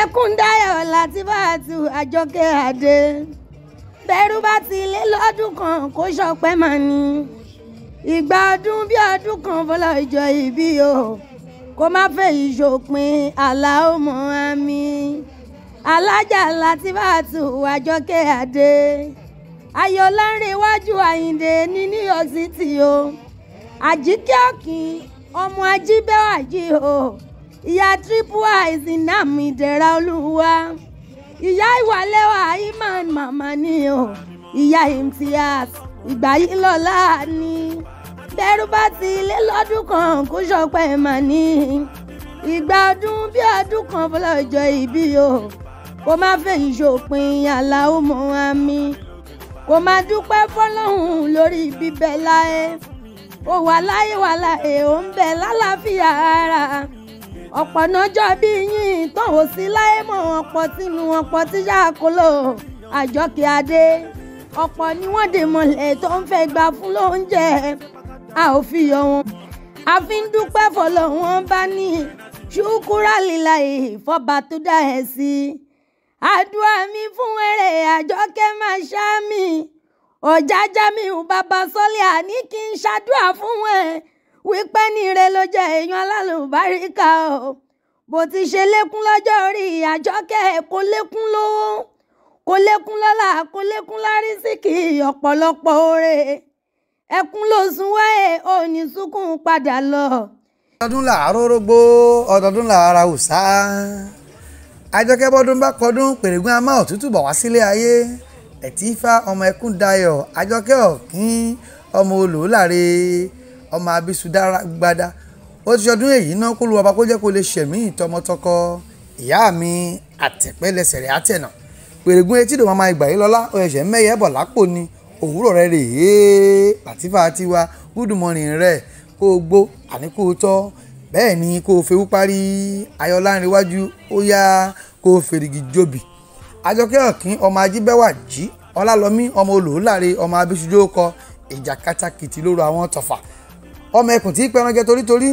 ẹkúndáyọ̀ látìbàtú àjọkẹ́ adé bẹ́rù bá ti lé lọ́dún kan kó ṣọpẹ́ máa ní ìgbà ọdún bí ọdún kan fọlọ́ ìjọ ìbí o kó má fẹ́ ìṣòpin aláwọ̀ mọ́ àmì alájà látìbàtú àjọkẹ́ adé ayọ̀ lẹ́rìn iwájú àyíǹde ní New York City o àjíkẹ́ ọ̀kìn ọmọ ajíbẹ́ wàjí o ìyá tripua ìsìnàmù ìdẹ̀ra olúwa ìyá ìwàlẹ́wà iman màmá ni o ìyá imtiaz ìgbà yìí lọ́la ni bẹ́rù bá ti ilé lọ́dún kan kó ṣọpẹ́ mà ní ìgbà ọdún bí ọdún kan fọlọ́jọ́ ìbí o kó má fèyí ṣòpin aláwo mọ́ àmì kó má dúpẹ́ fọlọ́hún lórí bíbẹ̀ láyé ó wà láyé wà láyé ó ń bẹ lálàáfíà ara ọ̀pọ̀ nájọ́ bí yín tọ̀hún sí láyé mọ̀ ọ̀pọ̀ tìlù ọ̀pọ̀ tíṣà kóló àjọkẹ́ adé ọ̀pọ̀ ni wọ́n dè mọ̀lẹ̀ tó ń fẹ́ gbà fún lóúnjẹ a ò fi yọ wọn. a fi ń dúpẹ́ fọlọ́ wọn bá ní ṣùkúrà líla ìfọba tó dá ẹ sí i. àdúrà mi fún eré àjọkẹ́ máa ṣá mi ọ̀jájá mi ò bàbá sọ́lẹ̀ àní kí n ṣàdúrà fún ẹ wípé ní ire ló jẹ́ èèyàn alálùbáríkà o bó ti ṣe lékún lọ́jọ́ orí Àjọkẹ́ kó lékún lówó kó lékún lọ́lá kó lékún lárísìkì ọ̀pọ̀lọpọ̀ oore ẹkún ló sun wáyé ò ní sunkún padà lọ. ọdún làárọ̀ rógbó ọdọọdún làárà òòsà Àjọkẹ́ bọ́dún bá kọdún pèrègùn àmọ́ òtútù bọ̀ wá sílé ayé ẹ̀tí ifá ọmọ ẹkún dayọ̀ Àjọkẹ́ ọ̀kín ọmọ olùwúlàre ọmọ abisu dára gbada ó ti ṣọdún èyí náà kó lu ọba kó jẹ́ kó lè ṣẹ̀mí ìtọmọtọkọ ìyá mi àtẹ̀pẹ́lẹsẹ̀ rẹ̀ àtẹ̀nà pèrègùn etí ìdò mama ìgbà yìí lọ́lá ẹ̀ṣẹ̀ mẹ́yẹ bọ̀ lápò ni òwúrọ̀ rẹ̀ rèé làtífà tiwa good morning rẹ̀ kó o gbó àní kó o tọ́ bẹ́ẹ̀ ni kó o fewú parí ayọ̀láńrewájú ó yá kó o fèrègì jòbì àjọkẹ́ ọ̀kín ọmọ ajíbẹ́wà jí ọlálọ́mí ọmọ olùhùláre ọmọ abisujú kọ ìjà kátàkìtì lóru àwọn tọ̀fà ọmọ ẹkùn tí pẹrangẹ torítorí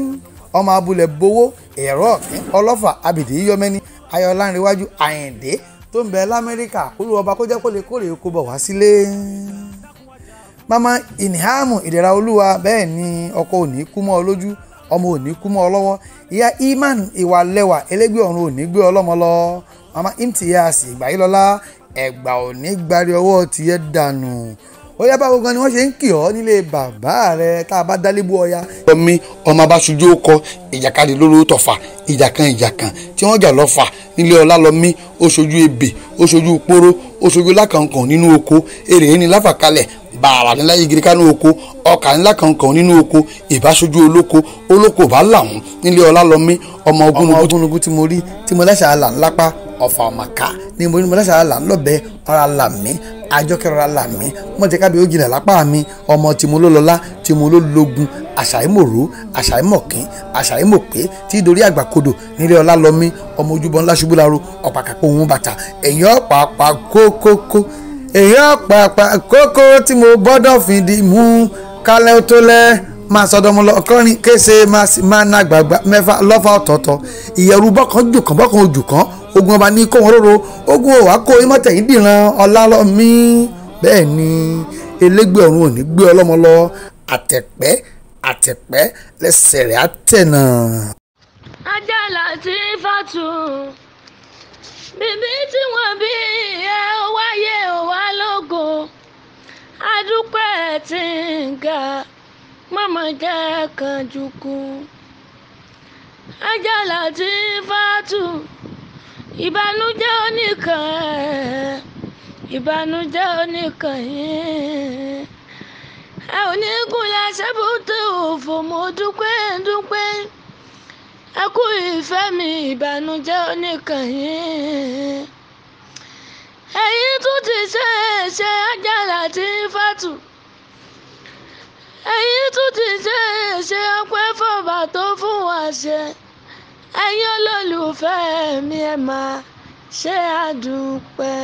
ọmọ abúlẹ̀ bowó ẹ̀rọ ọ̀kẹ́ abidi abìdí yíyọmẹ́ni ayọ̀lánrewájú àyìndé tó ń bẹ lamẹ́ríkà olú ọba kó jẹ́ kó lè kórè kó bọ̀ wá sílé. mama inihamu ìdẹ̀ra olúwa bẹ́ẹ̀ ni ọkọ òní kú mọ́ ọ lójú ọmọ òní kú mọ́ ọ lọ́wọ́ ìyá iman ìwà lẹ́wà elégbé ọ̀run òní gbé ọlọ́mọ lọ mama imtiyasi ìgbàyílọ́lá ẹ̀gbà òní gbárí ọwọ́ tiẹ̀ dànù ọyá báwo gan ni wọ́n ṣe ń kì ọ́ nílé bàbá rẹ tá a bá dálébú ọya. ọmọ ọmọ abáṣojú ó kọ ìjàkadì lóró tọ̀fà ìjàkan ìjàkan tí wọ́n jà lọ́fà nílé ọlá lọ́mí ó ṣojú ebè ó ṣojú poro ó ṣojú lákàǹkàn nínú oko èrè ní láfàkalẹ̀ bàrà ńlá yigiri kánú oko ọkà ńlá kankan nínú oko ìbáṣojú olóko olóko bá làwọn nílé ọlá lọ́mí ọmọ ogúnugún tí mo rí tí mo lẹ́sàá là ńlápá ọ̀fàmàkà ni mo ní mo lẹ́sẹ̀ àlà ńlọ́bẹ̀ ọ̀rọ̀ àlà mi àjọkẹ́ ọ̀rọ̀ àlà mi mo ti kábíyó jìnà lápá mi ọmọ tìmú ló lọ́lá tìmú ló lógun àṣàìmòró àṣàìmòkín àṣàìmòpé tí dorí àgbàkodò nílé ọlá lọmí ọmọ ojúbọ ńlá ṣubú laro ọ̀pàkàpọ̀ òun bàtà èyàn pàápà kókókó èyàn pàápà kókó tí mo bọ́dọ̀ fìdí mú kálẹ̀ tó lẹ́ máa sọdọmọ lọ ọkọrin kése máa nà gbàgbà mẹ́fà lọ́fà ọ̀tọ̀ọ̀tọ̀ ìyẹ̀rù bọ́kàn jù kàn bọ́kàn ojù kàn ogun ọba ní kó wọn róró ogun ọwà kó yín mọ́tẹ̀yìn dìran ọlálọ́mí bẹ́ẹ̀ ni elégbé ọ̀run ò gbé ọlọ́mọ lọ àtẹ̀pẹ́ àtẹ̀pẹ́ lẹ́sẹ̀ rẹ̀ àtẹ̀nà. ajá láti fàtú bíbí tí wọ́n bí ẹ wáyé òwá lógo adúpẹ́ tí ń ga mọ́mọ́ jẹ́ kanjúkú ajá láti fàtú ìbànújẹ́ oníkan ẹ̀ ìbànújẹ́ oníkan yẹn ẹ ò ní kúnlẹ̀ sẹ́bùtù òfò mo dúpẹ́ dúpẹ́ ẹ kú ìfẹ́ mi ìbànújẹ́ oníkan yẹn ẹ̀yin tún ti ṣe é ṣe Àjàlá tí fàtù ẹ̀yin tún ti ṣe é ṣe ọpẹ́ fọba tó fún wa ṣe ẹ̀yin olólùfẹ́ mi ẹ máa ṣe àdúpẹ́.